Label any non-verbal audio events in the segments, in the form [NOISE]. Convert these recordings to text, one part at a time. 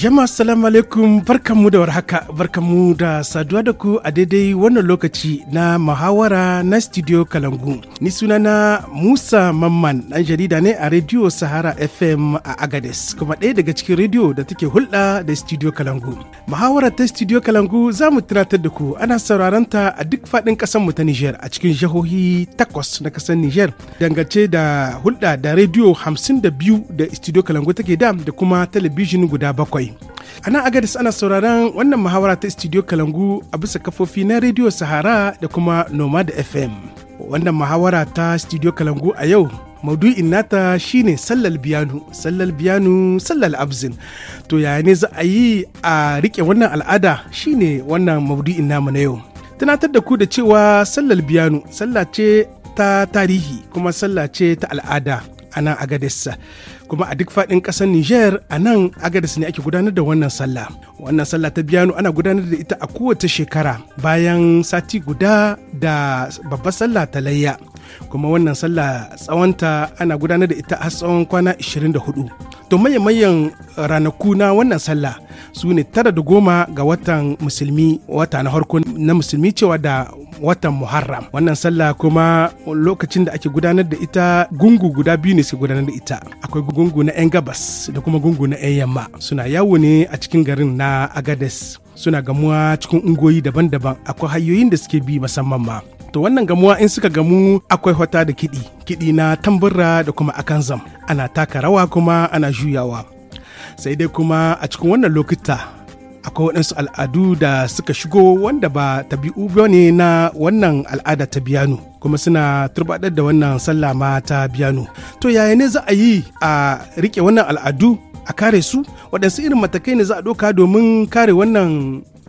Jama salamu alaikum barkanmu da warhaka barkanmu da saduwa da ku a daidai wannan lokaci na muhawara na studio Kalangu. Ni suna na Musa Mamman dan jarida ne a Radio Sahara FM a Agades kuma ɗaya daga cikin radio da take hulɗa da studio Kalangu. Muhawara ta studio Kalangu za mu tunatar da ku ana sauraron ta a duk faɗin ƙasar mu ta Niger a cikin jihohi takwas na ƙasar Niger dangance da hulɗa da rediyo hamsin da biyu da studio Kalangu take da da kuma talabijin guda bakwai. Ana A nan Agadis ana sauraron wannan muhawara ta Studio Kalangu a bisa kafofi na Radio Sahara da kuma Nomad FM. Wannan muhawara ta Studio Kalangu a yau maudui nata shine sallal biyanu sallal biyanu sallal abzin to yaya ne za a yi a rike wannan al'ada shine wannan maudui namu na yau tunatar da ku da cewa sallal biyanu sallah ta tarihi kuma sallah ta al'ada ana nan agadessa kuma a duk faɗin ƙasar Nijar a nan Agadis ne ake gudanar da wannan sallah. Wannan sallah ta biyano ana gudanar da ita a kowace shekara bayan sati guda da babbar sallah ta layya. Kuma wannan sallah tsawonta ana gudanar da ita har tsawon kwana 24. to mayan ranaku na wannan sallah su ne tara da goma ga watan musulmi wata na harko na musulmi cewa da watan muharram wannan sallah kuma lokacin da ake gudanar da ita gungu guda biyu ne suke gudanar da ita akwai gungu na 'yan gabas da kuma gungu na 'yan yamma suna yawo ne a cikin garin na agades suna gamuwa cikin ungoyi daban-daban akwai hanyoyin da suke bi musamman ma to wannan gamuwa in suka gamu akwai wata da kiɗi kiɗi na tambura da kuma akan zam ana taka rawa kuma ana juyawa sai dai kuma a cikin wannan lokuta akwai waɗansu al'adu da suka shigo wanda ba tabi'u ba ne na wannan al'ada ta biyanu kuma suna turbaɗar da wannan sallah ma ta biyanu. to yaya ne za a yi a rike wannan al'adu a kare su waɗansu irin matakai ne za a ɗauka domin kare wannan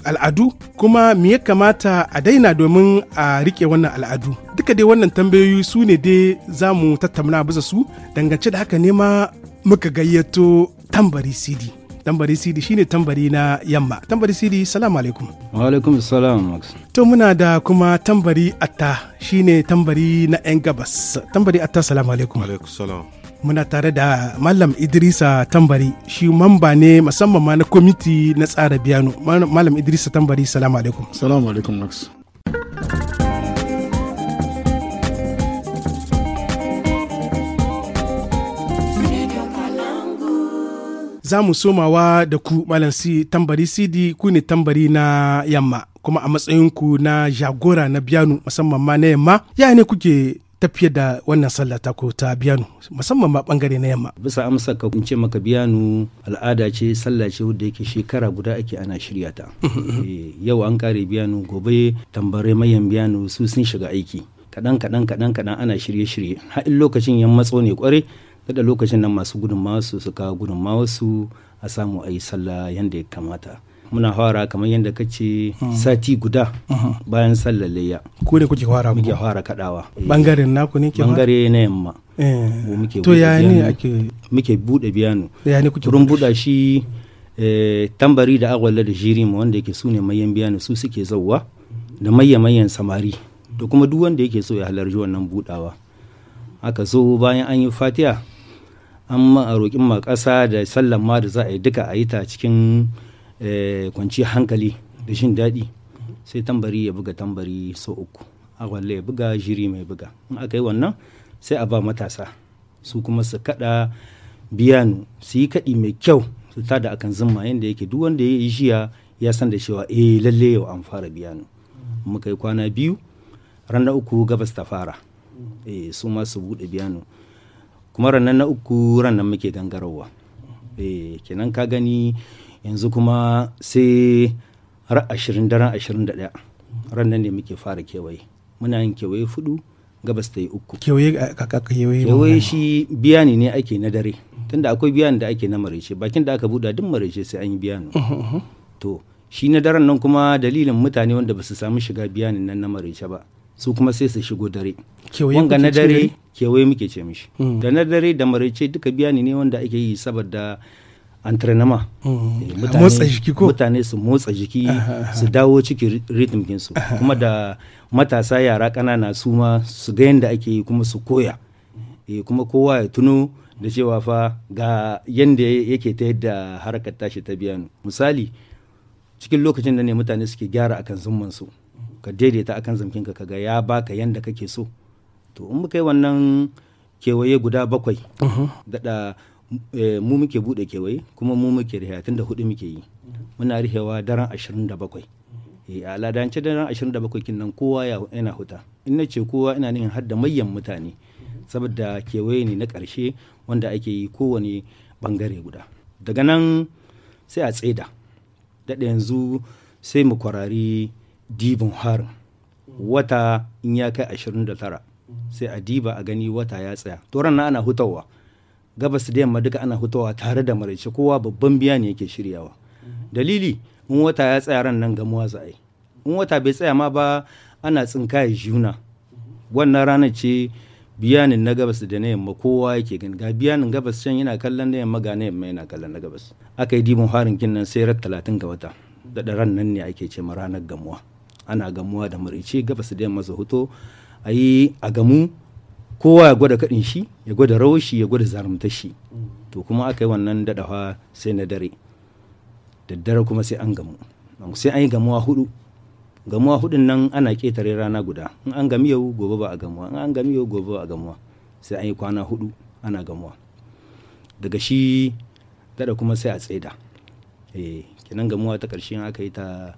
al'adu kuma me ya kamata a daina domin a rike wannan al'adu duka dai wannan tambayoyi su ne dai za mu tattauna bisa su dangance da haka ne ma muka gayyato tambari sidi tambari sidi shine tambari na yamma tambari sidi salamu alaikum wa alaikum salam max to muna da kuma tambari atta shine tambari na yan gabas tambari atta salamu alaikum alaikum salam muna tare da malam idrisa tambari shi mamba ne musamman ma na kwamiti na tsara biyano malam idrisa tambari salamu alaikum salamu alaikum max za mu somawa da ku malam si tambari sidi ku ne tambari na yamma kuma a matsayinku na jagora na biyanu musamman ma na yamma ya ne kuke tafiyar da wannan sallah ta ko ta biyanu musamman ma bangare na yamma bisa amsa ka ce maka biyanu al'ada ce sallah ce wadda yake shekara guda ake ana shirya ta [LAUGHS] eh, yau an kare biyanu gobe tambare mayan biyanu su sun shiga aiki kaɗan kaɗan kaɗan kaɗan ana shirye shirye har in lokacin yan matso ne kware kada lokacin nan masu gudunmawa su su kawo gudunmawa su a samu a yi sallah yadda ya kamata muna fara kamar yadda ka ce hmm. sati guda hmm. bayan sallar layya ku da kuke fara muke fara kadawa bangaren eh. naku ne ke bangare na yamma eh. to ya ne ake muke bude biyano ya ne kuke buɗe shi eh, tambari da agwalla da ma wanda yake sune mayan biyano su suke zauwa da maye mayan samari da kuma duk wanda yake so ya halarci wannan budawa aka zo bayan an yi fatiha an ma a roƙin ma ƙasa da sallan ma da za a yi duka a yi ta cikin Eh, kwanciyar hankali da jin daɗi sai tambari ya buga tambari sau uku agwalle ya buga jiri mai buga in aka yi wannan sai a ba matasa su kuma su kaɗa biyanu su yi kaɗi mai kyau su da akan zimma yadda yake duk wanda ya yi jiya ya san da cewa eh lalle yau an fara biyanu muka yi kwana biyu ranar uku gabas ta fara eh su ma su buɗe biyanu kuma ranar na uku ranar muke gangarawa eh kenan ka gani yanzu kuma sai har ashirin daren ashirin da ɗaya ran nan ne muke fara kewaye muna yin kewaye fudu gabas ta yi uku kewaye kewaye kewaye shi biyani ne ake na dare tunda akwai biyani da ake na marece bakin da aka buɗa duk marece sai an yi biyani to shi na daren nan kuma dalilin mutane wanda ba su samu shiga biyanin nan na marece ba su kuma sai su shigo dare wanga na dare kewaye muke ce mishi da na dare da marece duka biyani ne wanda ake yi saboda antrenama mm. eh, mutane su motsa jiki su dawo cikin ritminsu kuma da matasa yara kanana su ma su ga yadda ake yi kuma su koya eh, kuma kowa ya tuno da cewa fa ga yadda yake ta yadda harkar tashi ta biya misali cikin lokacin da ne mutane suke gyara akan zumman ka daidaita akan zamkinka ka ga ya baka yadda kake so to in muka yi wannan kewaye guda bakwai mhm. daɗa Eh, mu muke bude kewaye kuma mu muke tun da hudu muke yi muna rihewa daren 27 eh, a aladance daren 27 kin nan kowa yana huta in na ce kowa ina nin hadda mayan mutane saboda kewaye ne na karshe wanda ake yi kowane bangare guda daga nan sai a tseda daɗa yanzu sai mu kwarari dibin har wata in ya kai 29 sai a diba a gani wata ya tsaya to ran ana hutawa gabas da yamma duka ana hutawa tare da maraice kowa babban biya ne yake shiryawa dalili in wata ya tsaya ran nan gamuwa za a yi in wata bai tsaya ma ba ana tsinkaya juna wannan ranar ce biyanin na gabas da na yamma kowa yake gani ga biyanin gabas can yana kallon na yamma ga na yamma yana kallon na gabas aka yi dibin harin kin nan sai ran talatin ga wata da ran nan ne ake ce ma ranar gamuwa ana gamuwa da marice gabas da yamma su huto a yi a gamu kowa ya gwada kaɗin shi ya gwada raushi shi ya gwada zarumta shi to kuma aka yi wannan daɗawa sai na dare daddare kuma sai an gamu sai an yi gamuwa hudu gamuwa hudun nan ana ƙetare rana guda in an gami yau gobe ba a gamuwa in an gami yau gobe ba a gamuwa sai an yi kwana hudu ana gamuwa daga shi dada kuma sai a tsaida eh kenan gamuwa ta ƙarshen aka yi ta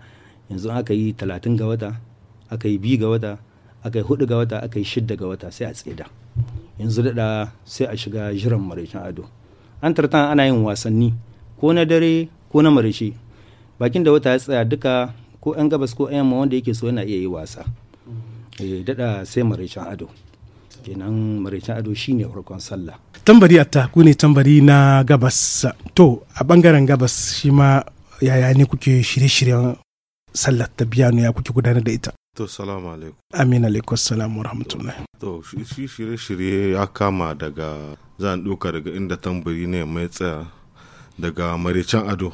yanzu aka yi talatin ga wata aka yi bi ga wata aka yi hudu ga wata aka yi shidda ga wata sai a tseda yanzu daɗa sai a shiga jiran maraicin ado an tartan ana yin wasanni ko na dare ko na maraice bakin da wata ya tsaya duka ko 'yan gabas ko 'yan yamma wanda yake so yana iya yi wasa eh, daɗa sai maraicin ado kenan maraicin ado shine farkon sallah tambari atta ku ne tambari na gabas to a bangaren gabas shima ma yaya ne kuke shirye-shiryen sallar ta biyano ya kuke gudanar da ita To, salamu alaikum. Amin alaikum, salamu rahmatullahi. To, shi shirye-shirye ya kama daga zan ɗauka daga inda tambari ne mai tsaya daga maricin ado.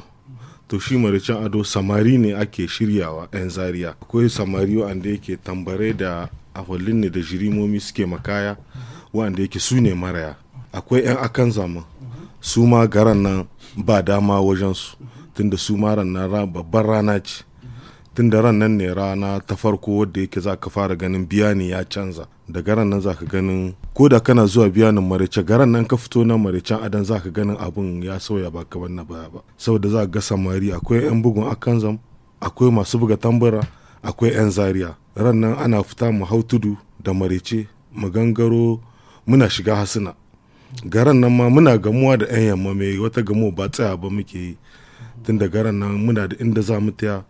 To, shi maricin ado samari ne ake shiryawa 'yan zariya. Akwai samari wanda yake tambare da aholin ne da jirimomi suke makaya wanda yake su ne maraya. Akwai 'yan akan zaman su ma garan nan ba dama wajensu tunda su ma babban rana ce. tun da ran nan ne rana ta farko wadda yake za ka fara ganin biya ne ya canza da garan nan za ka ganin ko da kana zuwa nan marice garan nan ka fito na maricen adan za ka ganin abun ya sauya ba kamar na baya ba saboda za ga samari akwai yan bugun zam akwai masu buga tambura akwai yan zariya ran nan ana fita mu hau tudu da marice mu gangaro muna shiga hasina garan nan ma muna gamuwa da yan yamma mai wata gamuwa ba tsaya ba muke yi tun da garan nan muna da inda za mu taya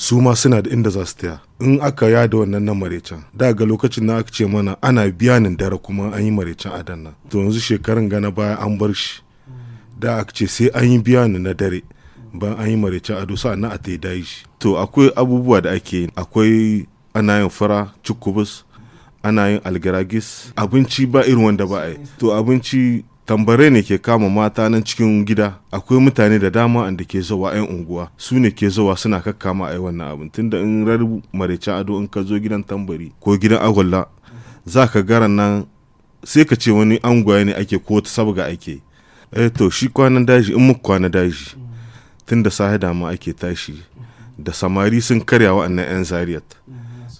su ma suna da inda za su taya in aka yada wannan na marecen da ga lokacin na aka ce mana ana biya nin dare kuma an yi marecen a danna. to yanzu shekarun gana baya an bar shi da aka ce sai an yi biya nin na dare ban an yi a ado sa'annan a ta dayi shi to akwai abubuwa da ake yi akwai ana yin fara cikubus ana yin algaragis abinci ba irin wanda ba a to abinci tambare ne ke kama mata nan cikin gida akwai mutane da dama da ke zawa 'yan unguwa su ne ke zawa suna kakkama a yi wannan abin tunda in rarrabu maraicin ado in ka zo gidan tambari ko gidan agwalla za ka gara nan sai ka ce wani angwaye ne ake ko ta sabga ake eh to shi kwanan daji in muku kwana daji tunda sahi dama ake tashi da samari sun karya wa'annan 'yan zariyat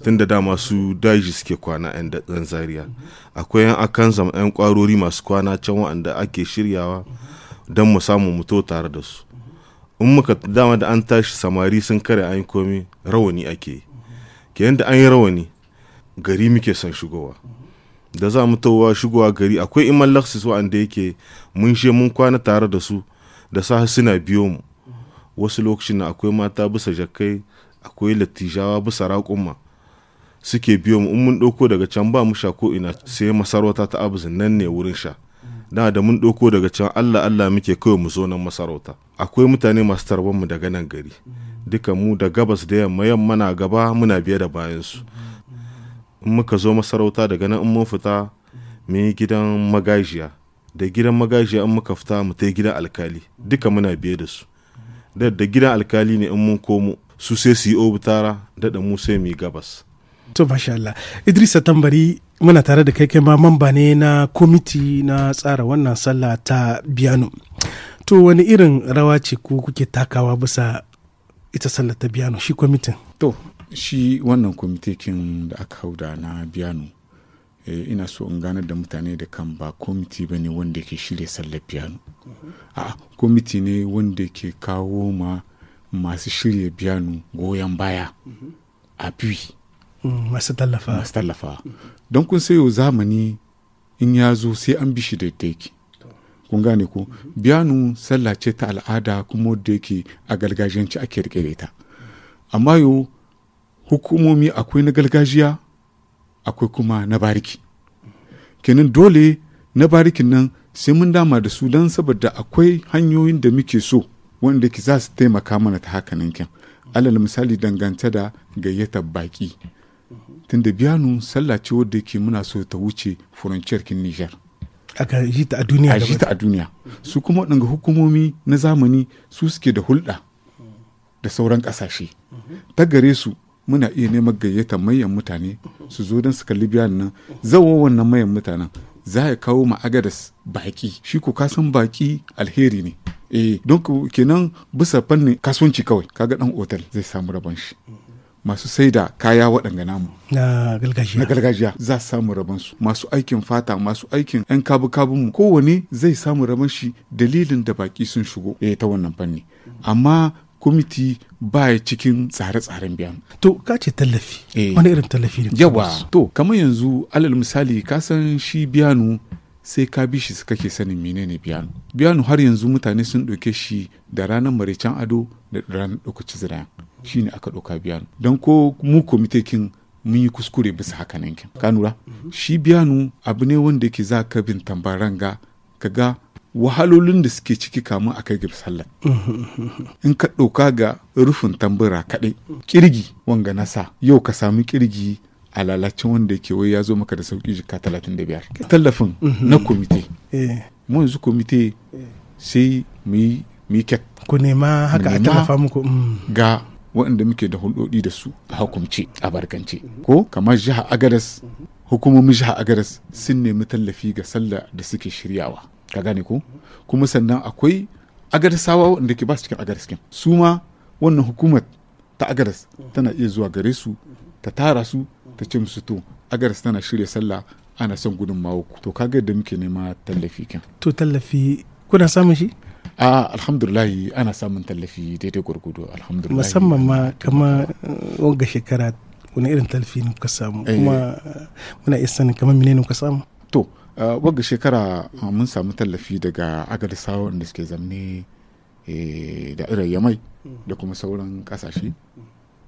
tunda da su daji suke kwana 'yan datsan zaria akwai 'yan akan zama 'yan kwarori masu kwana can wa'anda ake shiryawa don mu samu muto tare da su in muka dama da an tashi samari sun kare an yi komi rawani ake yi ke yadda an yi rawani gari muke son shigowa da za mu towa shigowa gari akwai iman laksis wa'anda yake mun she mun kwana tare da su da sa suna biyo mu wasu lokacin akwai mata bisa jakkai akwai latijawa bisa raƙumma suke biyo mu in mun ɗauko daga can ba mu sha ko ina sai masarauta ta abu nan ne wurin sha na da mun ɗauko daga can allah allah muke kawai mu zo nan masarauta akwai mutane masu tarban mu daga nan gari duka mu da gabas da yamma yamma na gaba muna biye da bayan su in muka zo masarauta daga nan in mun fita mu yi gidan magajiya da gidan magajiya in muka fita mu ta gidan alkali duka muna biye da su da gidan alkali ne in mun komo su sai su yi obitara da mu sai mu yi gabas to masha Allah Idrisa Tambari muna tare da kai kai ma mamba ne na komiti na tsara wannan sallah ta biyano to wani irin rawa ce ku kuke takawa bisa ita sallah ta biyano shi kwamitin to shi wannan kwamitekin da aka hauda na biyano e, ina so in ganar da mutane da kan ba kwamiti ba ne wanda ke shirya sallar biyano mm-hmm. a kwamiti ne wanda ke kawo ma masu shirya biyano goyon baya mm-hmm. a biyu Mm, masu tallafa masu tallafa don kun sayo zamani in ya zo sai an bi shi daidai kun gane ko biyanu sallah ce ta al'ada kuma da yake a gargajiyanci ake rike ta amma yo hukumomi akwai na gargajiya akwai kuma na bariki kenan dole na barikin nan sai mun dama da su don saboda akwai hanyoyin da muke so wanda ki za su taimaka mana ta haka nan kyan alal misali dangance da gayyatar baki tunda biyanu sallah ce wadda ke muna so ta wuce furanciyar kin Nijar. ji ta a duniya a ji ta a duniya su kuma waɗanda hukumomi na zamani su suke da hulɗa da sauran ƙasashe ta gare su muna iya neman gayyata mayan mutane su zo don su kalli biya nan zawo wannan mayan mutanen za ya kawo ma agadas baƙi shi ko kasan baƙi alheri ne eh don kenan bisa fannin kasuwanci kawai kaga ɗan otal zai samu rabon shi masu saida kaya waɗanga namu na gargajiya za su samu rabon masu aikin fata masu aikin yan kabu mu. kowane zai samu rabon shi dalilin da baki sun shigo ya eh, ta wannan fanni amma kwamiti ba cikin tsare-tsaren biyan. To, ka ce tallafi, eh. wani irin tallafi ne? Yawa, to, kamar yanzu alal misali ka san shi biyanu sai ka bi shi ke sanin menene biyanu. Biyanu har yanzu mutane sun ɗauke shi da ranar maricen ado da ranar ɗaukaci zira shi ne aka ɗauka biyanu don ko mu komitekin mun yi kuskure bisa haka nan kin ka nura shi biyanu abu ne wanda yake za ka bin tambaran ga ka ga wahalolin da suke ciki kamun a kai ga sallah. [LAUGHS] in ka ɗauka ga rufin tambura kaɗai kirgi wanga nasa yau ka samu kirgi a lalacin wanda yake wai ya zo maka da sauki jika 35 tallafin na komite eh. mu yanzu komite eh. sai mu yi mu ku nema haka a tallafa muku mm. ga waɗanda muke da hulɗoɗi da su a hukumce a barkance ko kamar jiha agadas hukumomin sin agadas sun nemi tallafi ga sallah da suke shiryawa ka gane ko kuma sannan akwai agadasawa waɗanda ke ba su cikin agadas kin su ma wannan hukumar ta agadas tana iya zuwa gare su ta tara su ta ce musu to agadas tana shirya sallah ana son gudun mawuku to kaga yadda muke nema tallafi kin to tallafi kuna samun shi a ah, alhamdulillahi ana samun tallafi daidai gwargwado alhamdulillahi musamman ma kama eh, wanga shekara wani irin tallafi ne kuka samu eh. kuma eh, muna iya sanin kamar menene kuka samu to wanga shekara mun samu tallafi daga agadisawa wanda suke zamne da irin yamai da kuma sauran kasashe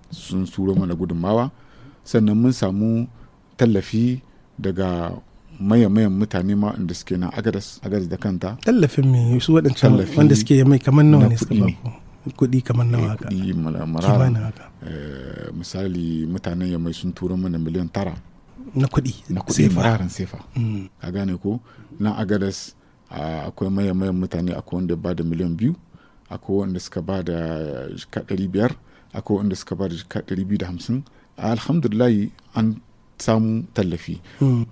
sun suro mana gudunmawa sannan mun samu tallafi daga mayan mutane ma inda suke na agadas agadas da kanta tallafin me su waɗancan wanda suke mai kamar nawa ne suka bako kuɗi kamar nawa haka kuɗi marara eh, misali mutanen ya mai sun tura mana miliyan tara na kuɗi na kuɗi mararan sefa mm. ka gane ko na agadas akwai mayan mayan mutane akwai wanda ba da miliyan biyu akwai wanda suka ba da jika ɗari biyar akwai wanda suka ba da jika ɗari biyu da hamsin alhamdulillahi an samu tallafi mm.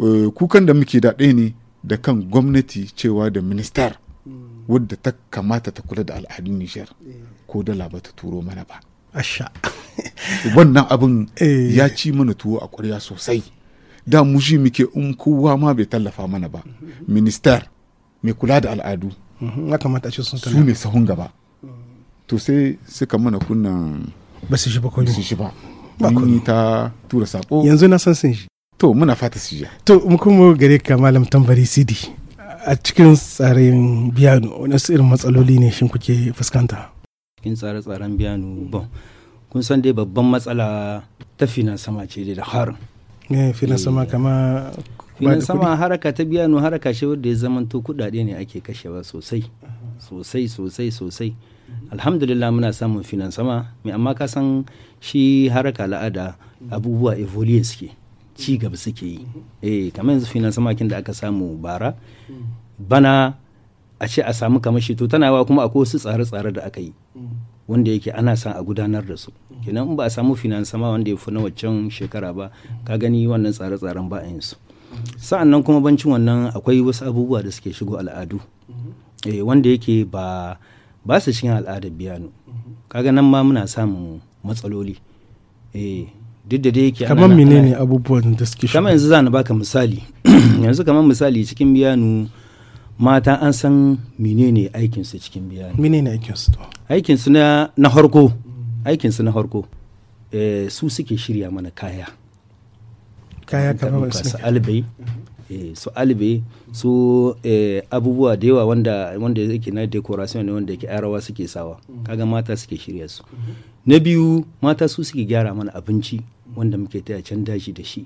Eh, kukan da muke daɗe ne da kan gwamnati cewa da ministar hmm. wadda ta kamata ta kula da al'adun nijar eh. ko dala ba ta turo mana ba asha [LAUGHS] wannan abin eh. ya ci mana tuwo a ƙwarya sosai da mushi muke in kowa ma bai tallafa mana ba mhm. minister mai kula da al'adu mhm. su ne sahun gaba hmm. to sai suka mana kunnan ba su shi ba ta tura sako yanzu na san sun shi to muna fata su je to mu kuma gare ka malam tambari sidi a cikin tsarin biyanu wani irin matsaloli ne shin kuke fuskanta cikin tsare-tsaren biyanu bon kun san dai babban matsala ta finan sama ce da ne finan sama eh, kama finan sama haraka ta biyanu haraka shi wanda ya to kudade ne ake kashewa sosai sosai sosai sosai alhamdulillah muna samun finan sama mai amma ka san shi haraka la'ada abubuwa evolution suke ci gaba suke yi eh kamar yanzu finan samakin da aka samu bara bana a ce a samu kamar shi to tana wa kuma akwai wasu tsare-tsare da aka yi wanda yake ana son a gudanar da su kenan in ba a samu finan sama wanda ya fi na waccan shekara ba ka gani wannan tsare-tsaren ba a yin su sa'an nan kuma bancin wannan akwai wasu abubuwa da suke shigo al'adu eh wanda yake ba ba su cikin al'adar biyano kaga nan ma muna samun matsaloli eh duk da dai yake kamar menene abubuwan da suke kamar yanzu zan baka misali [CLEARS THROAT] yanzu kamar misali cikin biyanu mata an san menene aikin su cikin biyanu menene aikin su aikin su na na harko aikin su na harko eh, su suke shirya mana kaya kaya kamar su albai eh, su albe su eh, abubuwa da yawa wanda wanda yake na decoration ne wanda yake arawa suke sawa kaga mata suke shirya su na biyu mata su suke gyara mana abinci wanda muke taya can daji da shi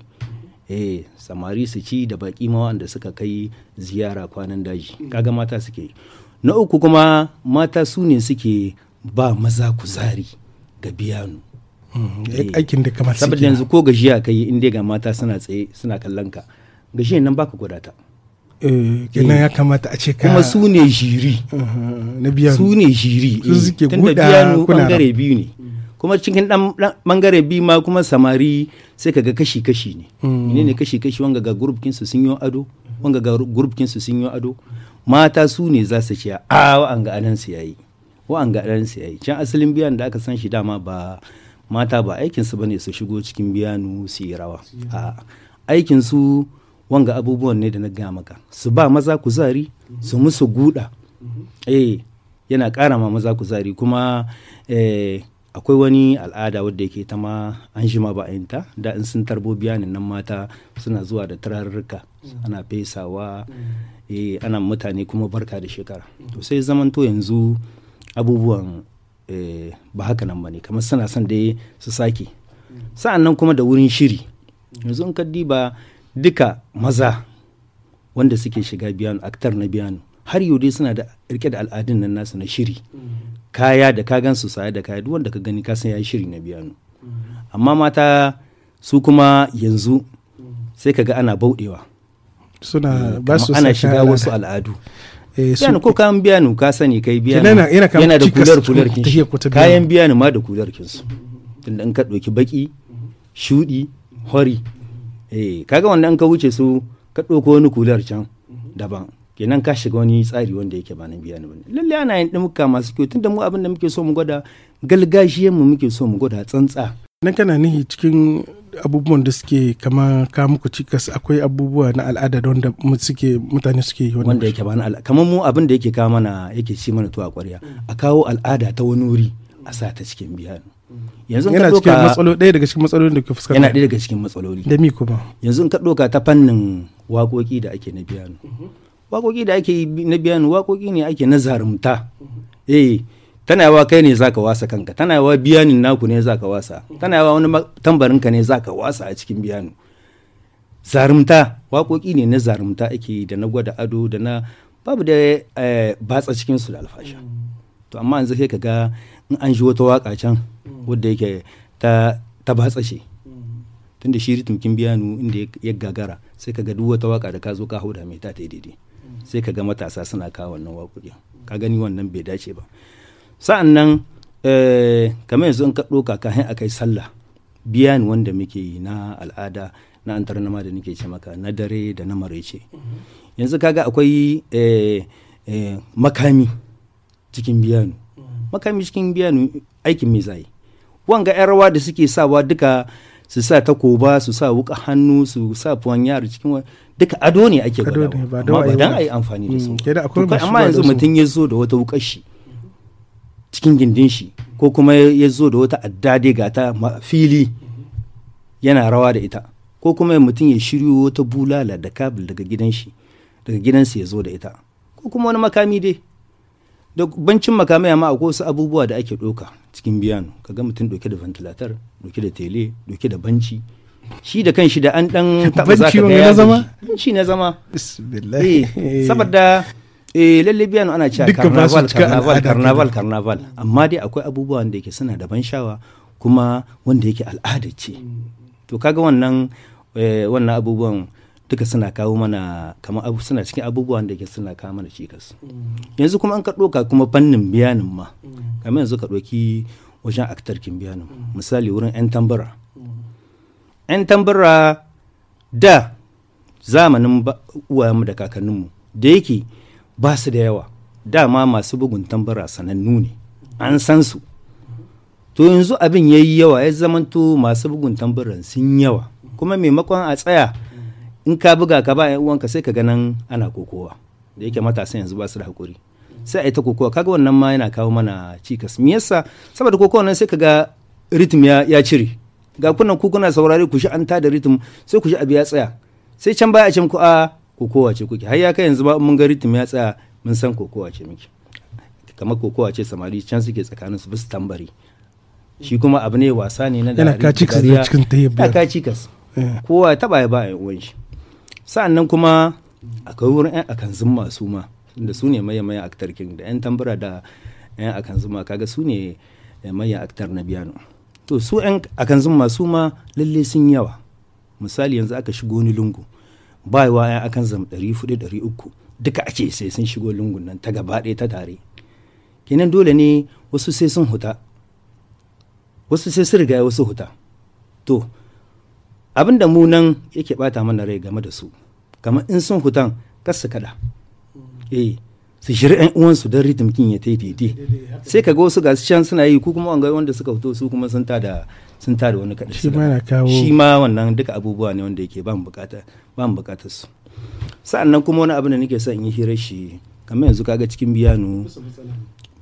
eh samari su ci da baki ma wanda suka kai ziyara kwanan daji kaga mata suke na uku kuma mata su ne suke ba maza kuzari ga biyanu hmm, eh, aikin da kamar saboda yanzu ko gajiya kai in dai ga mata suna tsaye suna kallon ka gajiyan nan baka gwada eh, eh kenan ya kamata a ce ka kuma su ne jiri na biyanu su ne jiri eh, tunda biyanu bangare biyu ne kuma cikin dan bangare bi ma kuma samari sai kaga kashi kashi ne hmm. ne kashi kashi wanga ga group su sun yi ado wanga ga group su sun yi ado mata su ne za su ciya a ga anan su yayi ga anan su yayi can asalin biyan da aka san shi dama ba mata ba aikin su bane su shigo cikin biyanu su yi rawa a aikin su wanga abubuwan ne da na gaya maka su ba maza kuzari su musu guda mm-hmm. eh yana ƙara ma maza kuzari kuma eh, akwai wani al'ada wadda yake ta ma an jima yin ta da in sun tarbo biyanin nan mata suna zuwa da turarruka ana fesawa eh, ana mutane kuma barka da shekara to sai zaman to yanzu abubuwan eh, ba haka nan ba ne kamar suna son da su sake sa'an nan kuma da wurin shiri yanzu in ka diba duka maza wanda suke shiga biyano aktar na biyanu har yau dai suna da rike da al'adun nan nasu na shiri kaya da ka gansu saye da kaya duk wanda ka gani ka san yayi shiri na biyano amma mata su kuma yanzu sai ka ga ana bauɗewa suna eh, ba su ana shiga wasu al'adu eh, biyanu ko kayan biyanu ka sani kai biyanu yana da kular kular kinsu kayan biyanu ma da kular kinsu tunda in ka ɗauki baki shudi, hori eh kaga wanda an ka wuce su ka ɗauko wani kular can daban kenan ka shiga wani tsari wanda yake ba na biya ne lalle ana yin dimuka masu kyau tunda mu abin da muke so mu gwada galgashiyar mu muke so mu gwada tsantsa nan kana nihi cikin abubuwan da suke kama ka muku cikas akwai abubuwa na al'ada wanda suke mutane suke yi wanda yake ba na al'ada kamar mu abin da yake kawo mana yake ci mana tuwa kwarya a kawo al'ada ta wani wuri a sa ta cikin biya yanzu yana cikin matsaloli ɗaya daga cikin matsalolin da ke fuskanta yana ɗaya daga cikin matsaloli da mi kuma yanzu in ka ɗauka ta fannin waƙoƙi da ake na biyano mhm. waƙoƙi da ake na biyanu waƙoƙi ne ake na zarumta eh tana yawa kai ne zaka wasa kanka tana yawa biyanin naku ne zaka wasa tana yawa wani tambarin ka ne zaka wasa a cikin biyanu zarumta waƙoƙi ne na zarumta ake yi da na gwada ado da na babu da eh, batsa cikin su da alfasha to amma yanzu sai ka ga in an ji wata waka can wadda yake ta ta batsa shi tunda shi ritmikin biyanu inda ya gagara sai ka ga duk wata waka da ka zo ka hauda mai ta ta daidai sai ka ga matasa suna kawo wannan waƙoƙi ka gani wannan bai dace ba sa'an nan eh, kamar yanzu in ka ɗoka kahin a kai sallah biyan wanda muke yi na al'ada na antarnama da nake ce maka na dare da na maraice yanzu kaga akwai eh, eh, makami cikin biyanu makami cikin biyanu aikin me zai wanga yan da suke sawa duka su sa takoba su sa wuka hannu su sa fuwan yaro cikin duka ado ne ake gwada ba dan ayi amfani da mm, su amma yanzu mutum ya zo da wata wukar shi cikin gindin shi ko kuma ya zo da wata adda dai ga fili yana rawa da ita ko kuma mutum ya shiryo wata bulala da kabil daga gidan shi daga gidansa ya zo da ita ko kuma wani makami dai da bancin makamai amma akwai wasu abubuwa da ake ɗauka cikin biyano kaga mutum doke da ventilator doke da tele doke da banci shi da kanshi da an dan taba zaka ga na zama shi na zama bismillah eh, saboda eh lalle biyano ana cewa carnaval carnaval carnaval carnaval amma dai akwai abubuwa da yake suna da ban shawa kuma wanda yake al'ada ce to kaga wannan eh, wannan abubuwan duka suna kawo mana kamar abu suna cikin abubuwan da ke suna kawo mana cikas yanzu kuma an ka ɗoka kuma fannin biyanin ma kamar yanzu ka ɗoki wajen aktar kin biyanin misali wurin 'yan tambara 'yan tambura da zamanin uwayenmu da kakanninmu da yake ba su da yawa dama masu bugun tambura sanannu ne an san su to yanzu abin ya yi yawa ya zamanto masu bugun tamburan sun yawa kuma maimakon a tsaya in ka buga ka ba 'yan uwanka sai ka ganan ana kokowa da yake matasa yanzu ba su da hakuri sai a yi ta kokowa kaga wannan ma yana kawo mana cikas me yasa saboda kokowa nan sai ka ga ritmi ya cire ga kuna ku kuna saurare ku shi an ta da ritim sai ku shi abu ya tsaya sai can baya a ce muku a kowa ce kuke har ya kai yanzu ba mun ga ritim ya tsaya mun san kowa ce miki kamar kowa ce samari can suke tsakanin su bisu tambari shi kuma abu ne wasa ne na da yana kaci kas da cikin ta yabba kaci kas eh. kowa ta baya ba uwan shi sa'annan kuma akwai wurin yan akan zumma su ma da su ne maye maye aktar king da yan tambura da yan akan zumma kaga su ne maye aktar na biyano to su 'yan akan zuma su ma lalle sun yawa misali yanzu aka shigo ni lungu baiwa 'yan akan zam 400-300 duka ake sai sun shigo lungun nan ta gaba ɗaya ta tare kenan dole ne wasu sai sun huta wasu sai sun riga wasu huta to abin da mu nan yake bata mana rai game da su kamar in sun hutan kasa su kada eh su shiri yan uwansu don ritim kin ya taitaiti sai ka ga wasu gasu can suna yi ko kuma wanga wanda suka fito su kuma sun tada sun da wani kaɗa shi ma kawo shi ma wannan duka abubuwa ne wanda yake ba mu bukata ba bukatar su sa'annan kuma wani abin da nake son in yi hirar shi kamar yanzu kaga cikin biyanu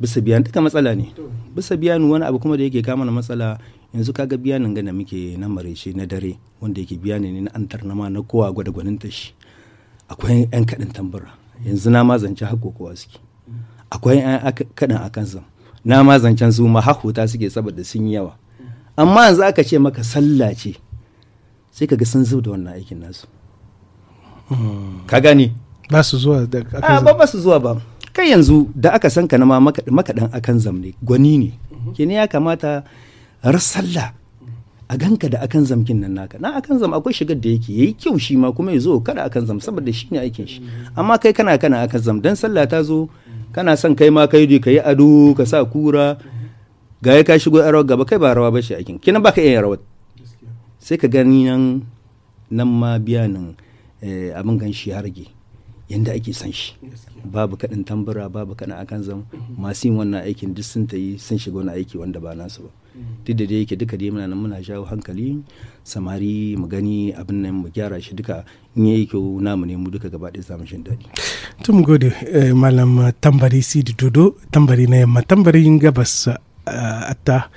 bisa biyan duka matsala ne bisa biyanu wani abu kuma da yake kama na matsala yanzu kaga biyanin gana muke na marece na dare wanda yake biyanin ne na antar na ma na kowa gwada gwaninta shi akwai yan kaɗin tambura yanzu na ma zance har kowa suke akwai yan kaɗan a kansa na ma zancen su ma har suke saboda sun yi yawa amma yanzu aka ce maka sallah ce sai ka ga sun zuba da wannan aikin nasu ka gani. ba su zuwa da ah, ba ba su zuwa ba kai yanzu da aka san ka na ma makaɗan akan zamne gwani ne mhm. kenan ya kamata rasalla sallah a ganka da akan zamkin nan naka na akan zam akwai shigar da yake yayi kyau shi ma kuma ya zo kada akan zam saboda shi ne aikin shi amma kai kana kana akan zam dan sallah ta zo kana son kai ma kai ka yi ado ka sa kura ga ka shigo a gaba kai ba rawa ba shi aikin kinan baka yin rawa sai ka gani nan nan ma biya eh, abin gan shi harge yanda ake san shi babu kaɗin tambura babu kaɗin akan zama masu yin wannan aikin duk sun ta yi sun shiga wani aiki wanda ba nasu ba duk da dai yake duka dai muna nan muna jawo hankali samari mu gani abin nan mu gyara shi duka in yayi kyau namu ne mu duka gaba ɗaya samun shin daɗi tun gode eh, malam tambari sidi dodo tambari na yamma tambarin gabas eh, atta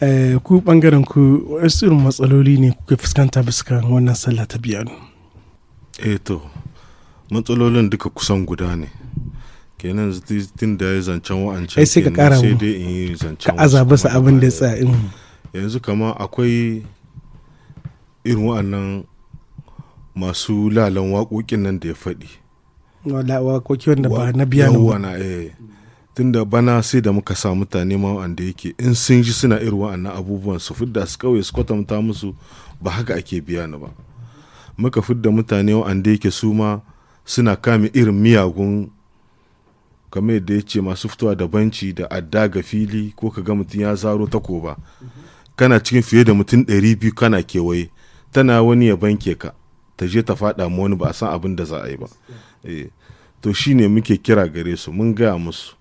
eh, ku bangaren ku wasu matsaloli ne kuke fuskanta fuskan wannan sallah ta biyar eh to matsalolin duka kusan guda ne kenan tun da ya zancen wa'ancan sai ka kara sai dai in yi zancen ka azaba su abin da tsa yanzu kama akwai irin wa'annan masu lalan waƙoƙin nan da ya faɗi waƙoƙi wanda ba na biya ne wana eh tun da bana sai da muka sa mutane ma wanda yake in sun ji suna irin wa'annan abubuwan su fidda su kawai su kwatanta musu ba haka ake biya ni ba muka fidda mutane wa'anda yake su ma suna kame irin miyagun kamar yadda ya ce masu fitowa da banci da adda ga fili ko ka ga mutum ya zaro koba kana cikin fiye da mutum ɗari biyu kana kewaye tana wani ya banke ka ta je ta faɗa mu wani ba a san abin da za a yi ba eh, to shi ne muke kira gare su mun gaya musu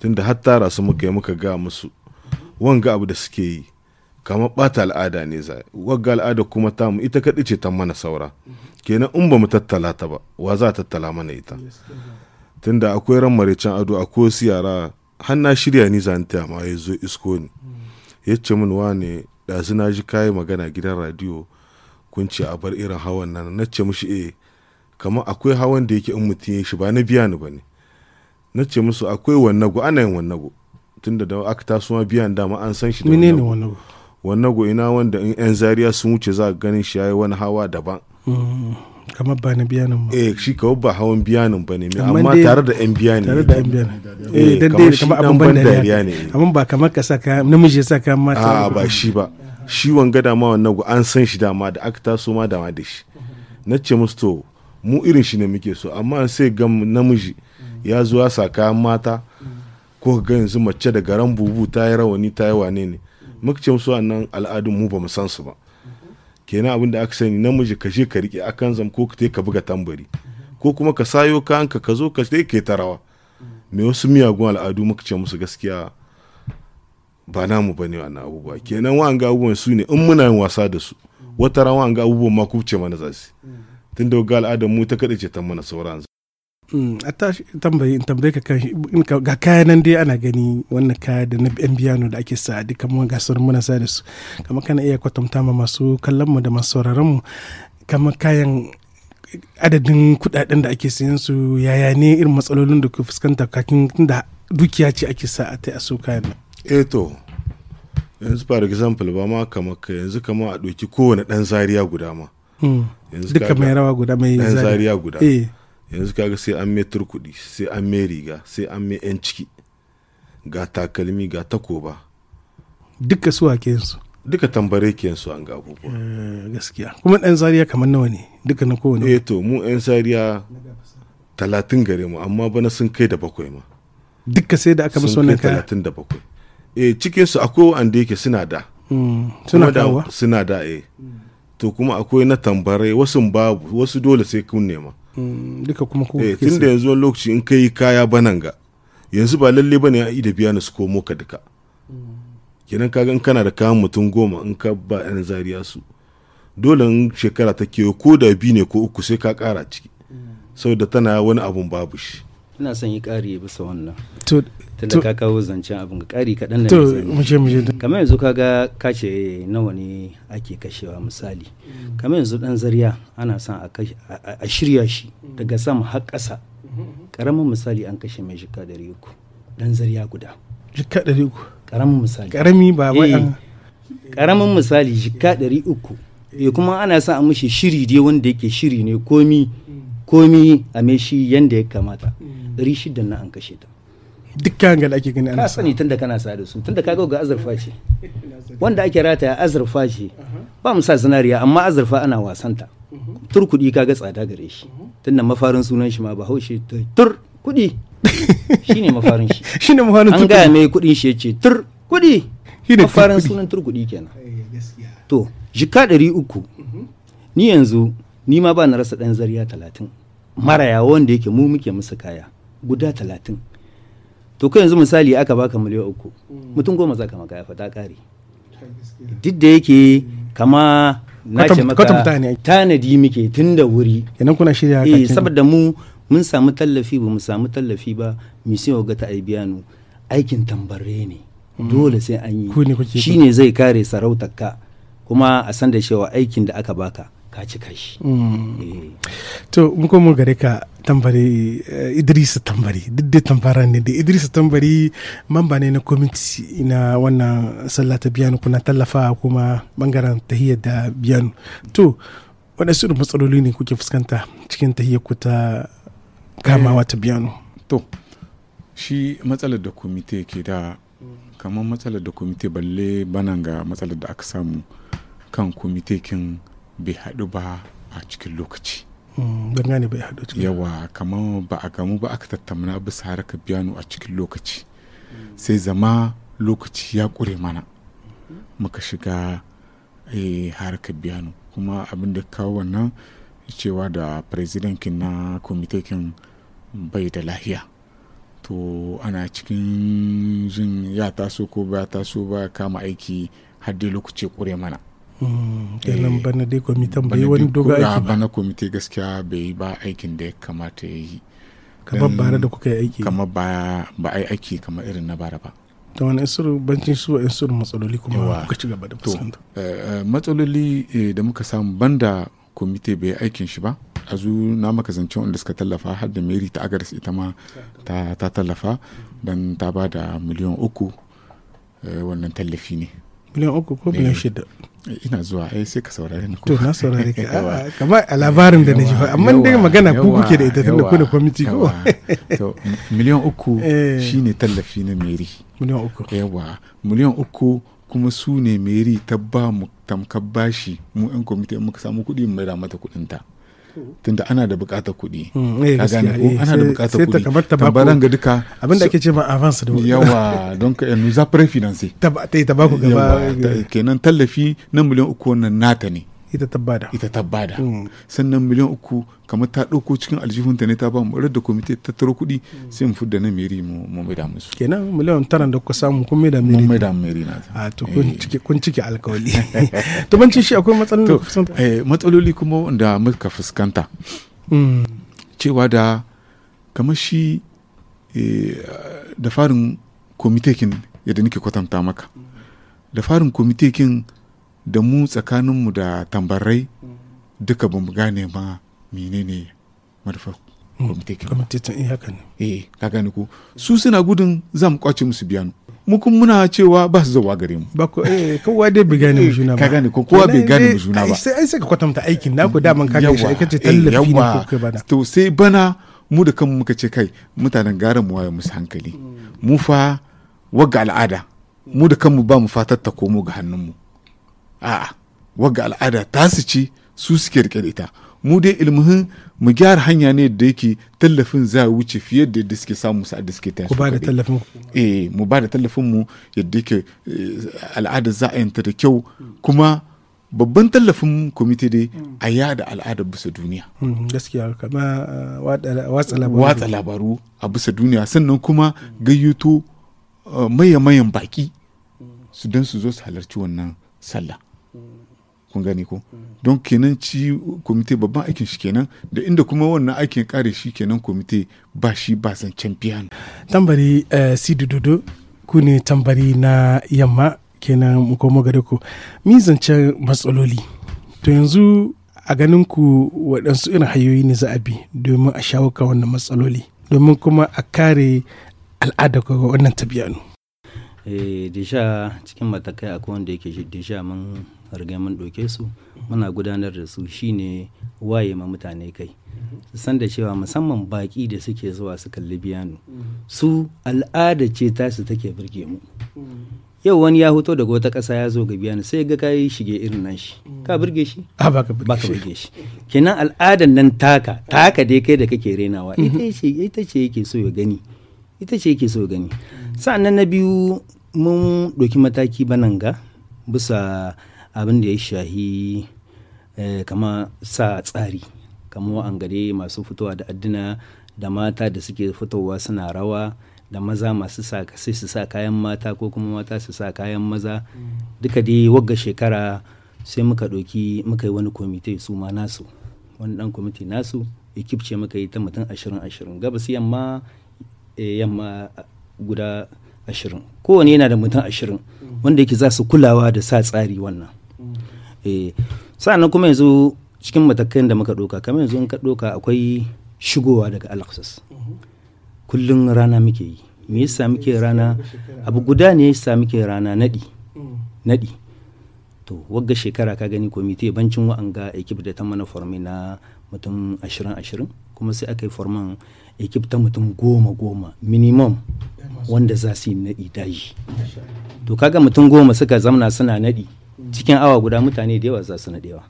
tunda har tara su muka yi muka gaya musu wanga abu da suke yi kamar bata al'ada ne za wagga al'ada kuma tamu ita kaɗi ce ta mana saura kenan in ba mu tattala ta ba wa za tattala mana ita tunda akwai ran maraicin ado akwai wasu yara har shirya ni zan ta ma ya zo isko ni ya ce min wa ne ɗazu na ji kayi magana gidan radiyo kun ce a bar irin hawan nan na ce mushi eh kamar akwai hawan da yake in mutum ya shi ba na biya ni ba ne na ce musu akwai wannago ana yin wannago tunda da aka taso ma biyan dama an san shi da wannago wannan go'ina wanda in 'yan zariya sun wuce za a ganin shi ya yi wani hawa daban mm-hmm. kamar ba na biyanin ba eh shi kawai ba hawan biyanin ba ne amma tare da yan biya ne tare da yan biya ne eh, eh dan dai kamar abin ban dariya ne amma ba kamar ka saka namiji ya saka mata a ba shi ba shi wanga da ma wannan go an san shi da ma da aka taso ma da ma da shi na ce musu to mu irin shi ne muke so amma sai ga namiji ya zuwa ya saka mata ko ga yanzu mace da garan bubu ta yi rawani ta yi wane ne muka ce musu wannan al'adun mu ba mu san su ba kenan abin da aka sani namiji ka je ka rike akan zam ko ka ka buga tambari ko kuma ka sayo kanka ka zo ka je ka rawa me wasu miyagun al'adu muka ce musu gaskiya ba namu ba ne wannan abubuwa kenan wa ga abubuwan su ne in muna yin wasa da su wata ran ga abubuwan ma ce mana zasu tun da mu ta kaɗa ce ta mana sauran Mm, a ta tambayi in tambaye ka kan ga kaya nan dai ana gani wannan kaya da na yan biyano da ake sa dukkan mu ga sauran muna sa da su kamar kana iya kwatanta ma masu kallon mu da masu sauraron mu kamar kayan adadin kudaden da ake sayan su yaya ne irin matsalolin da ku fuskanta kakin da dukiya ce ake sa a ta a su kayan nan eh to yanzu for example ba ma kama yanzu kama a ɗauki kowane ɗan zariya guda ma mm, duka mai rawa guda mai zariya guda eh. yanzu kaga sai an mai turkudi sai an mai riga sai an mai 'yan ciki ga takalmi ga takoba duka su su duka tambare su an ga abubuwa eh, gaskiya kuma ɗan zariya kamar nawa ne duka na kowane eh to mu 'yan zariya talatin gare mu amma bana sun kai da bakwai ma duka sai da aka musu wannan kaya talatin da bakwai eh cikin su akwai wanda yake suna da hmm, suna da suna da eh to kuma akwai na tambare wasu babu wasu dole sai kun nema Mm, duka kuma ku eh tunda yanzu lokaci in kai kaya banan ga yanzu ba lalle bane a da biya su komo ka duka kenan kaga in kana da kayan mutum goma in ka ba yan zariya su dole in shekara ta kewa ko da bi ne ko uku sai ka kara ciki saboda tana wani abun babu shi ina son yi ƙari bisa wannan tunda ka kawo zancen abin ƙari kaɗan da to muje muje kamar yanzu ga kace eh, nawa ne ake kashewa misali kamar yanzu dan zariya ana son a shirya shi daga sama har ƙasa ƙaramin misali an kashe mai jika da uku dan zariya guda jika da uku ƙaramin misali ƙarami ba wai eh, ƙaramin misali jika ɗari uku eh, kuma ana son a mushi shiri dai wanda yake shiri ne komi komi a me shi ya kamata ɗari shida na an kashe ta duk kayan da ake gani ana sani tunda kana sa da su tunda kaga ga azurfa ce [LAUGHS] wanda ake rataya azurfa ce ba mu sa zinariya amma azurfa ana wasanta mhm. tur kuɗi kaga tsada gare shi mhm. tunda mafarin sunan shi ma ba haushe [LAUGHS] [LAUGHS] tur kuɗi shine mafarin shi shine mafarin an ga mai kuɗin shi yace tur kuɗi mafarin sunan tur kuɗi kenan eh, to jika ɗari uku mhm. ni yanzu ni ma ba na rasa ɗan zariya talatin maraya wanda yake mu muke musu kaya guda talatin to kai yanzu misali aka baka miliyan uku mm. mutum goma za ka ya fata kare duk da yake kama na ce maka tanadi muke tun da wuri idan kuna shirya haka eh, saboda mu mun samu tallafi ba mu samu tallafi ba misiyo ga ta aibiyanu aikin tambare ne mm. dole sai an yi shi ne zai kare sarautaka kuma a san da cewa aikin da aka baka ka cika shi. Mm. Eh. To mun komo gare ka tambari eh, Idris tambari duk da tambara ne da Idris tambari mamba ne na kwamiti na wannan sallah ta biyanu kuna tallafa kuma bangaren tahiyar da biyanu. To waɗansu irin matsaloli ne kuke fuskanta cikin tahiyar ku ta kamawa ta biyanu. Eh, to shi matsalar da kwamiti ke da kamar matsalar da kwamiti balle banan ga matsalar da aka samu kan kwamiti kin bai haɗu ba a cikin lokaci mm, gane bai haɗu cikin yawa kamar ba a gamu ba aka tattauna bisa haraka biyanu a cikin lokaci sai zama lokaci ya ƙure mana muka shiga eh, haraka biyanu kuma abin da kawo wannan cewa da firizidankin na kwamitekin bai da lahiya to ana cikin jin ya taso ko ba taso ba kama aiki har dai lokaci kure mana Mm. Eh, kenan bana dai kwamitin bai wani dogo aiki ba bana kwamitin gaskiya bai yi ba aikin da ya kamata ya yi kamar bara da kuka yi aiki kamar ba ba ai aiki kamar irin na bara ba ta wani isuru bancin su wa isuru matsaloli kuma kuka ci gaba da fuskanta eh, matsaloli eh, da muka samu banda kwamitin bai aikin shi ba a zu na maka zance wanda suka tallafa har da mary ta agaris ita ma ta tallafa don ta ba da miliyan uku wannan tallafi ne miliyan uku ko miliyan shida ina zuwa ai sai ka saurare ni to na saurare ka [LAUGHS] ah, kamar a labarin da na ji amma dai magana ku kuke da ita tunda ku da kwamiti ko to miliyan uku [LAUGHS] eh. shine tallafi na meri miliyan uku yawa miliyan uku kuma su ne meri ta ba mu tamkar bashi mu yan kwamiti muka samu kuɗi mu maida mata kuɗin ta tunda ana da bukatar kuɗi mm, eh, ka gane ko eh, ana da bukatar kuɗi tabaran ga duka abin da ake ce ma avance da yawa don ka eh, za a finance. ta ta ba ku gaba kenan tallafi na miliyan uku wannan nata ne ita tabbada ita tabbada mm. sannan miliyan uku kamar ta ɗauko cikin aljihunta ne ta ba mu da komite ta taro kuɗi sai mu fudda na miri mu mu maida musu kenan miliyan tara da kuka samu kun maida meri mun maida meri na ta ah, to kun eh. cike kun cike alkawali [LAUGHS] to ban shi akwai matsaloli eh, matsaloli kuma wanda muka fuskanta mm. cewa da kamar shi eh, da farin kwamitekin yadda nake kwatanta maka da farin kin. da mu tsakaninmu da tambarai duka ba mu gane ma menene marfa kwamitetin iya ne eh ka su suna gudun zan kwace musu biyanu mu kun muna cewa ba su zuwa gare mu ba ko eh kowa dai bai gane mu juna ba ka gane ko kowa bai gane mu juna ba sai ai sai ka kwatanta aikin na ko daman ka kai shi ce tallafi eh, ne ko kai bana to sai bana mu da kanmu muka ce kai mutanen gara mu waye musu hankali mm. mu fa wagga al'ada mu da kanmu ba mu fatar ta komo ga hannunmu a'a wagga al'ada ta su ci su suke rike da ita mu dai ilmihin mu gyara hanya ne da yake tallafin za a wuce fiye da yadda suke samu a da suke tashi ba da tallafin eh mu ba da tallafin mu yadda yake eh, al'ada za a yanta da kyau kuma babban tallafin kwamiti dai a yada al'ada bisa duniya hmm, gaskiya kama eh, watsa labaru watsa labaru a bisa duniya sannan kuma gayyato eh, maye mayan baki su don su zo su halarci wannan sallah kun gani ko don kenan ci komite babban aikin shi kenan da inda kuma wannan aikin kare shi kenan komite ba shi ba san champion tambari eh, sidi dodo ku ne tambari na yamma kenan mu komo gare ku mizancen matsaloli to yanzu a ganin ku waɗansu irin hanyoyi ne za a bi domin a shawo kan wannan matsaloli domin kuma a kare al'ada ko wannan tabiyanu. eh cikin matakai akwai wanda yake disha mun riga mun ɗauke su muna gudanar da su shine waye ma mutane kai su san da cewa musamman baƙi da suke zuwa su kalli biyanu su al'ada ce tasu take birge mu yau wani ya hoto daga wata ƙasa ya zo ga biyanu sai ga kayi shige irin nan shi ka birge shi a baka birge shi kenan al'adan nan taka taka dai kai da kake renawa ita mhm. ce yake so ya gani ita ce yake so gani sa'annan na biyu mun ɗauki mataki bananga bisa abin da ya shahi eh, kama sa tsari kama an gare masu fitowa da adduna da mata da suke fitowa suna rawa da maza masu sai su sa kayan mata ko kuma mata su sa kayan maza duka dai wagga shekara sai muka ɗauki muka yi wani komite su ma nasu wani ɗan komite nasu ekip ce muka yi ta mutum ashirin ashirin gabas yamma eh, yamma guda ashirin kowane yana da mutum ashirin wanda yake za su kulawa da sa tsari wannan Eh, sa'annan kuma yanzu cikin matakan da muka ɗauka kamar yanzu in ka doka akwai shigowa daga alaksas kullum rana muke yi me yasa muke rana abu guda ne yasa muke rana naɗi naɗi to wagga shekara ka gani komite bancin wa'anga ekip da ta mana formi na mutum ashirin ashirin kuma sai aka yi forman ekip ta mutum goma goma minimum wanda za su yi naɗi dayi to kaga mutum goma suka zamna suna naɗi cikin awa guda mutane da yawa za su naɗewa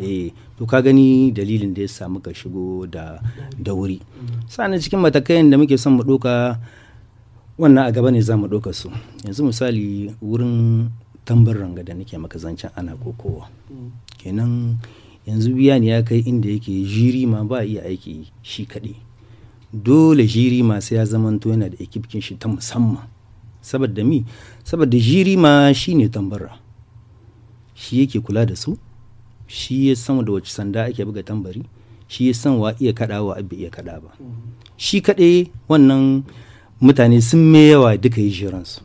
eh to ka gani dalilin da ya samu ka shigo da da wuri sannan cikin matakayan da muke son mu ɗauka wannan a gaba ne za mu ɗauka su yanzu misali wurin tambar ranga da nake maka zancen ana kokowa kenan yanzu biya ne ya kai inda yake jiri ma ba iya aiki shi kaɗai dole jiri ma sai ya zamanto yana da ekipkin shi ta musamman saboda mi saboda jiri ma shine tambara shi yake kula da su shi ya san da wace sanda ake buga tambari shi ya san wa iya kaɗa wa abin iya kaɗa ba shi kaɗai wannan mutane sun me yawa duka yi jiransu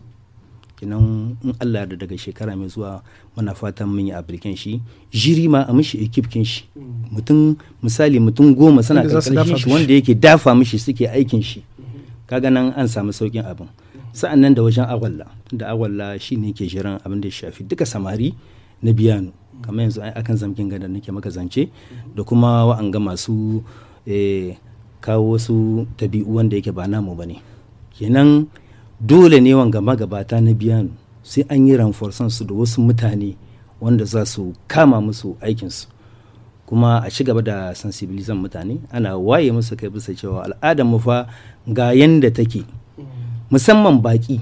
kinan in Allah da daga shekara mai zuwa muna fatan mun yi abirken shi jiri ma a mishi ekipkin shi mutum misali mutum goma suna kankan shi wanda yake dafa mishi suke aikin shi kaga nan an samu saukin abin sa'an nan da wajen agwalla da agwalla shine ke jiran abin da ya shafi duka samari na biyano kamar yanzu akan zamkin gada nake maka zance da kuma wa'anga masu eh, kawo wasu tabi'u wanda yake ba namu ba ne kenan dole ne wanga magabata na biyanu sai an yi ranforsan su da wasu mutane wanda za su kama musu aikinsu kuma a ci gaba da sensibilizan mutane ana waye musu kai bisa cewa al'adar mu fa ga yanda take mm. musamman baki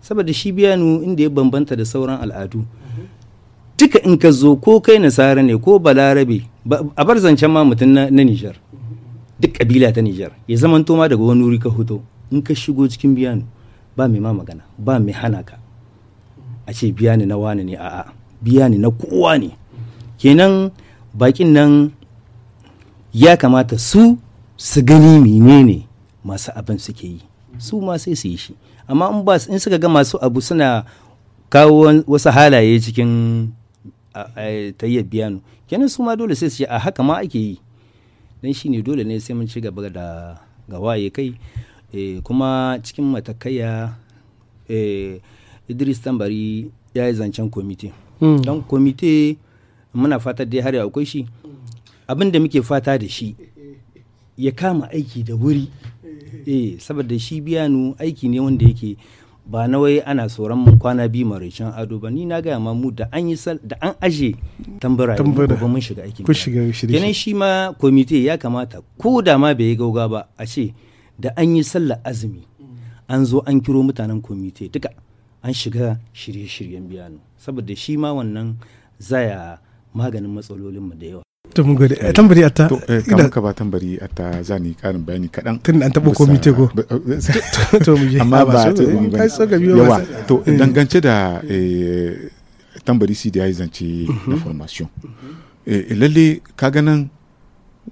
saboda shi biyanu inda ya bambanta da sauran al'adu duka in ka zo ko kai nasara ne ko balarabe a bar zancen ma mutum na nijar duk kabila ta nijar ya zama toma ma daga wani wuri ka hoto in ka shigo cikin biyanu ba mai ma magana ba mai hana ka a ce biyani na wani ne a'a biyani na kowa ne kenan bakin nan ya kamata su su gani menene masu abin suke yi su ma sai su yi shi amma in ba in suka ga masu abu suna kawo wasu halaye cikin ta biya nu kenan su ma dole sai su ce a haka ma ake yi don shi ne dole ne sai mun ci gaba da gawaye kai eh, kuma cikin matakaiya eh, idris tambari ya yi zancen komite hmm. don komite muna fata dai har akwai shi abin da muke fata da shi ya kama aiki da wuri e saboda shi biyanu aiki ne wanda yake ba na wai ana tsoron mun kwana biyu maraicin ado ba ni na gaya ma mu da an yi da an aje tambara ba mun shiga aikin kenan shi ma komite ya kamata ko da ma bai yi gauga ba a ce da an yi sallar azumi an zo an kiro mutanen komite duka an shiga shirye-shiryen biyano saboda shi ma wannan zaya maganin matsalolinmu da yawa to mun gode eh, tambari ta eh, kamar ka ba tambari atta zani karin bayani kadan tun an taɓa te ko [LAUGHS] to mu je amma ba to eh, ai so ga biyo yawa to dangance da tambari si da ya zance mhm. na formation lalle ka nan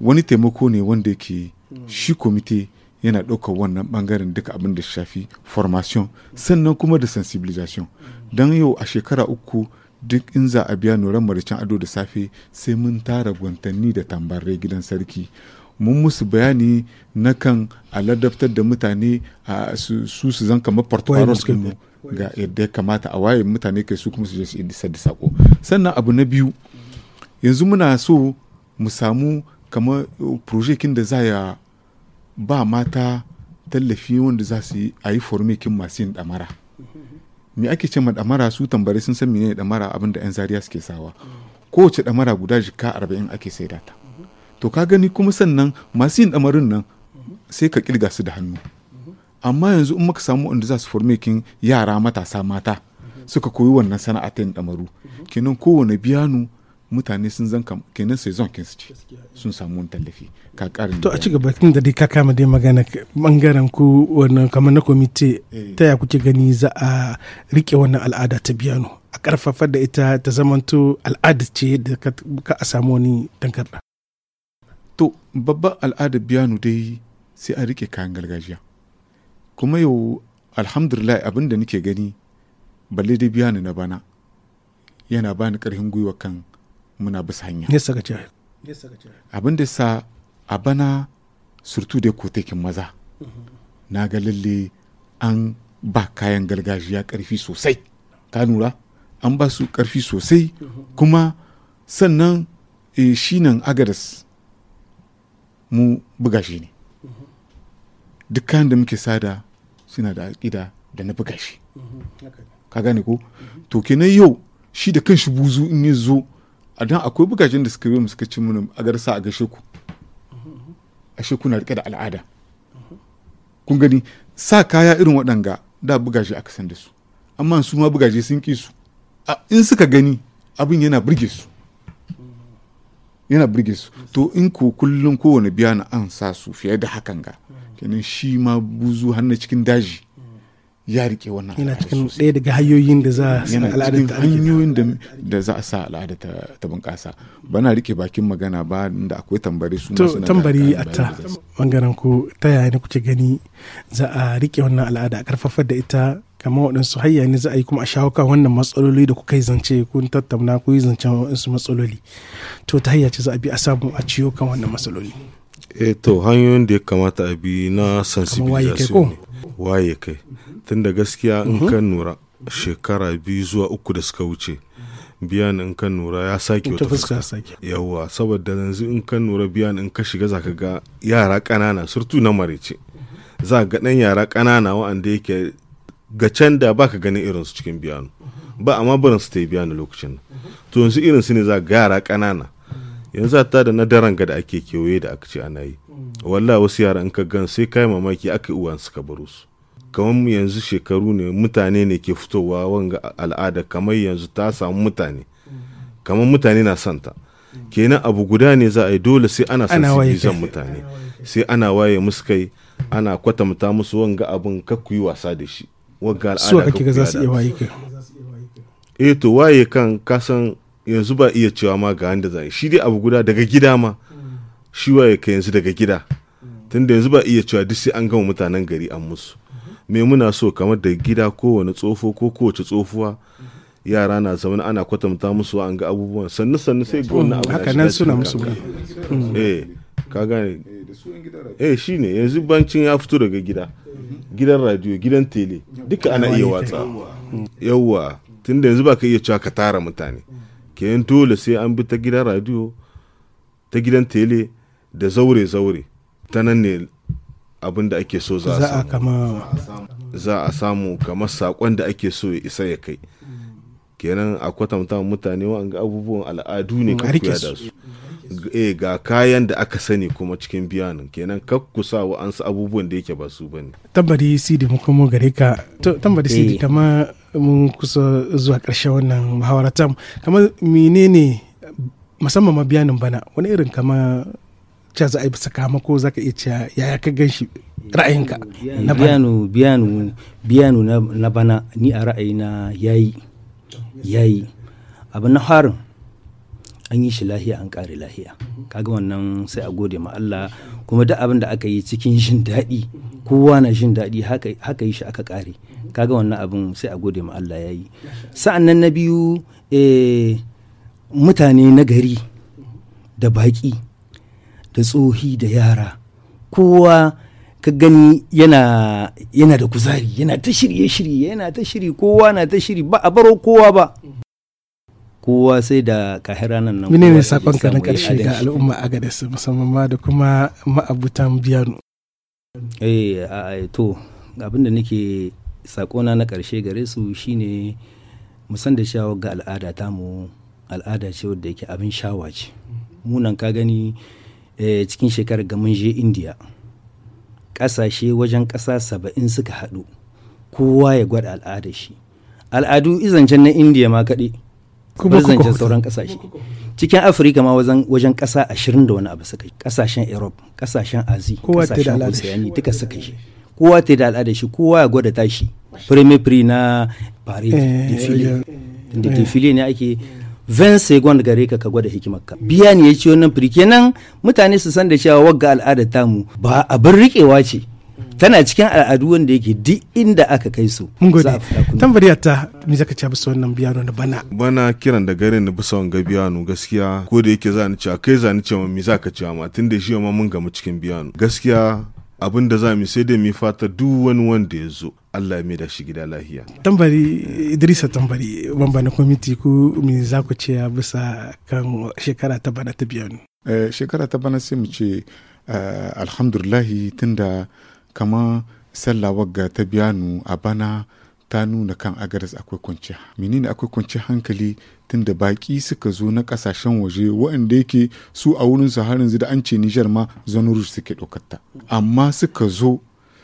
wani taimako ne wanda yake shi komite yana ɗaukar wannan ɓangaren duka abin da shafi formation sannan kuma da sensibilisation don yau a shekara uku duk in za a biya noran maricin ado da safe sai mun tara gwantanni da tambarai gidan sarki mun musu bayani na kan aladaftar da mutane a su su zan kamar portfolio ga yadda ya kamata a waye mutane kai su kuma su je su isa da sako sannan abu na biyu yanzu muna so mu samu kamar projekin da za ya ba mata tallafi wanda za su yi a yi formikin masu yin damara mm-hmm. me ake ce ma damara su tambari sun san menene damara abin da yan zariya suke sawa kowace damara guda jika arba'in ake saida ta to ka gani kuma sannan masu yin damarin nan sai ka kirga su da hannu amma yanzu in muka samu wanda za su formakin yara matasa mata suka koyi wannan sana'a ta yin damaru kenan kowane biyanu mutane sun zan kenan saison kin sun samu wani tallafi ka karin to a ci gaba tun dai ka kama dai magana bangaren ku wannan kamar na komite eh. ta ya kuke gani za a rike wannan al'ada ta biyano a karfafa da ita ta zamanto al'ada ce da ka a samu wani dankarda to babban al'ada biyano dai sai a rike kayan gargajiya kuma yau alhamdulillah abin da nake gani balle dai biyano na bana yana bani karfin gwiwa kan muna bisa hanya abin da sa a bana surtu da kotekin maza na ga lalle an ba kayan gargajiya karfi sosai ka nura an ba su karfi sosai kuma sannan e, shi nan agadas mu buga shi ne duk da muke sada suna da aƙida da na buga shi mhm, ka gane ko to kenan yau shi da kan shi buzu in ya zo a don akwai bugajin da suka yi suka ci mun a garsa a gashe ku ashe kuna rike da al'ada kun gani sa kaya irin waɗanga da bugaje aka san da su amma su ma bugaje sun ki su in suka gani abin yana burge su yana burge su to in ko kullum kowane biya na an sa su fiye da hakan ga kenan shi ma buzu hannu cikin daji ya rike wannan yana cikin ɗaya daga hanyoyin da za a sa al'ada ta hanyoyin da za a sa al'ada ta bunƙasa bana rike bakin magana ba da akwai tambari su to tambari a ta bangaren ku ta yaya ne kuke gani za a rike wannan al'ada a karfafar da ita kamar waɗansu hayya ne za a yi kuma a shawo kan wannan matsaloli da kuka yi zance kun tattauna ku yi zance waɗansu matsaloli to ta hayya ce za a bi a samu a ciyo kan wannan matsaloli eh to hanyoyin da ya kamata a bi na sensibilization waye kai tunda gaskiya in mhm. kan nura shekara biyu zuwa uku da suka wuce biyan in kan nura ya sake wata fuska yawwa saboda yanzu in kan nura biyan in ka shiga zaka ga yara ƙanana surtu na marece za ga ɗan yara ƙanana wa'anda yake ga can da baka ganin su cikin biyanu ba amma barin su ta yi biyanu lokacin to yanzu su ne za ga yara kanana. yanzu hatta da na daren ga da ake kewaye da aka ce ana yi wallah wasu yara in ka gan sai kai mamaki aka yi uwan suka baro su kamar yanzu shekaru ne mutane ne ke fitowa wanga al'ada kamar yanzu ta samu mutane kamar mutane na santa kenan abu guda ne za a yi dole sai ana zan mutane sai ana waye musu kai ana kwatanta musu wanga abin ku yi wasa da shi wanga al'ada ku yi wasa eh to waye kan kasan yanzu ba iya cewa ma ga wanda zai shi dai abu guda daga gida ma shi waye ka yanzu daga gida tunda yanzu ba iya cewa duk sai an gama mutanen gari an musu me muna so kamar da gida kowane tsofo ko kowace tsofuwa yara na zaman ana kwatanta musu an ga abubuwan sannu sannu sai ga wannan abu haka nan suna musu hmm. eh ka gane eh, eh shine yanzu bancin ya fito daga gida gidan radio gidan tele duka ana iya watsa yawwa tunda yanzu ba ka iya cewa ka tara mutane kenan dole sai an bi ta gidan radio ta gidan tele da zaure-zaure ta nan ne abin da ake so za a samu kamar saƙon da ake so ya isa ya kai kenan a kwatanta mutane wa'anga abubuwan al'adu ne mm. kan da su eh ga kayan da aka sani kuma cikin biyanin kenan kakkusa wa an su abubuwan da yake ba su ne tambari sidi mu kuma gare ka tambari eh. sidi kama mun kusa zuwa karshe wannan kama mine menene musamman ma biyanin bana wani irin kama ca za a yi sakamako za ka iya cewa yaya ka gan shi ra'ayinka na biyanu biyanu biyanu na bana ni a ra'ayina yayi yayi abu na harin an yi shi lahiya an kare lahiya kaga wannan sai a gode ma Allah kuma duk abin da aka yi cikin jin daɗi kowa na jin daɗi haka yi shi aka kare kaga wannan abin sai a gode ma Allah ya yi sa'an na biyu eh, mutane na gari da baƙi da tsohi da yara kowa ka gani yana yana da kuzari yana ta shirye shirye yana ta shiri kowa na ta shiri ba a baro kowa ba kowa sai da kahira nan nan mene ne sakon ka na karshe ga al'umma agadis musamman ma da kuma ma'abutan biyanu eh a to abinda nake sakona na karshe gare su shine musan da shawa ga al'ada ta mu al'ada ce wadda yake abin shawa ce munan ka gani eh, cikin shekarar ga mun je indiya ƙasashe wajen ƙasa saba'in suka haɗu kowa ya gwada al'adar shi al'adu izancen na indiya ma kaɗi. kuma zancen sauran kasashe cikin afirka ma wajen kasa ashirin da wani abu suka yi kasashen europe kasashen azi kasashen oceania duka suka yi kowa ta da al'ada shi kowa ya gwada tashi premier prix na paris eh, defile eh, da defile eh. ne ake 20 second gare ka ka gwada ka biya ne ya ci wannan firi kenan mutane su san da cewa wagga al'adar tamu ba abin rikewa ce tana cikin al'adu wanda yake duk inda aka kai su mun gode tambariyar ta ni zaka ci bisa wannan biyano na bana bana kiran da garin na bisa wanga biyano gaskiya ko da yake za ni ci kai za ni ci ma za ka ci ma tunda shi ma mun gamu cikin biyano gaskiya abin da za mu sai dai mu fata duk wani wanda ya zo Allah ya da shi gida lahiya. Tambari Idrisa tambari bamba na kwamiti ku me za ku ce bisa kan shekara ta bana ta biyan. Eh, shekara ta bana sai mu ce eh, alhamdulahi tunda kama sallah wagga ta biya nu a bana ta nuna kan agadas akwai kwanciya menene akwai kwanci hankali tunda baki suka zo na kasashen waje waɗanda yake su a wurin su har yanzu da an ce Nijar ma zone rouge suke ɗaukata amma suka zo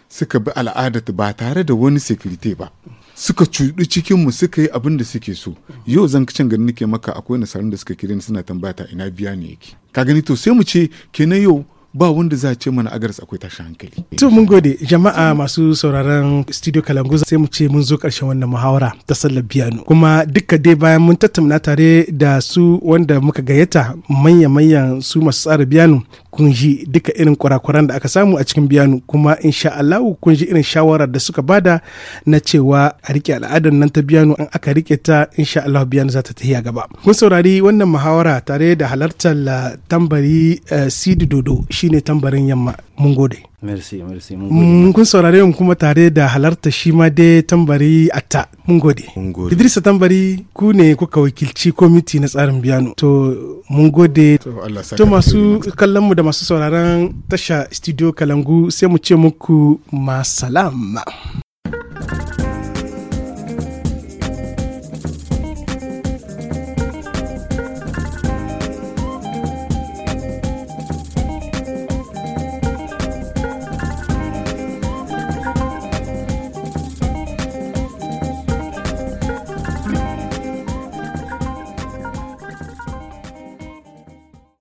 suka bi al'ada ba tare da wani security ba suka cuɗi mu suka yi abin da suke so yau zan can gani nake maka akwai nasarar da suka kira suna tambaya ta ina biya ne yake ka gani to sai mu ce kenan yau ba wanda za ce mana agaris akwai tashin hankali. To mun gode jama'a masu sauraron studio Kalangu sai mu ce mun zo karshen wannan muhawara ta sallar biyano. Kuma duka dai bayan mun tattauna tare da su wanda muka gayyata manya-manyan su masu tsara biyano kun ji duka irin kurakuran da aka samu a cikin biyano kuma insha Allah kun ji irin shawarar da suka bada na cewa a rike al'adar nan ta biyano an aka rike ta insha Allah biyano za ta tafi gaba. Mun saurari wannan muhawara tare da halartar eh, tambari eh, Sidi Dodo shine tambarin yamma mun gode merci merci mun gode mm, kun saurare mu kuma tare da halarta shi ma dai tambari atta mun gode mun gode Idrisa tambari ku ne kuka wakilci komiti na tsarin biyano to mun gode to masu kallon mu da masu sauraron tasha studio kalangu sai mu ce muku masalama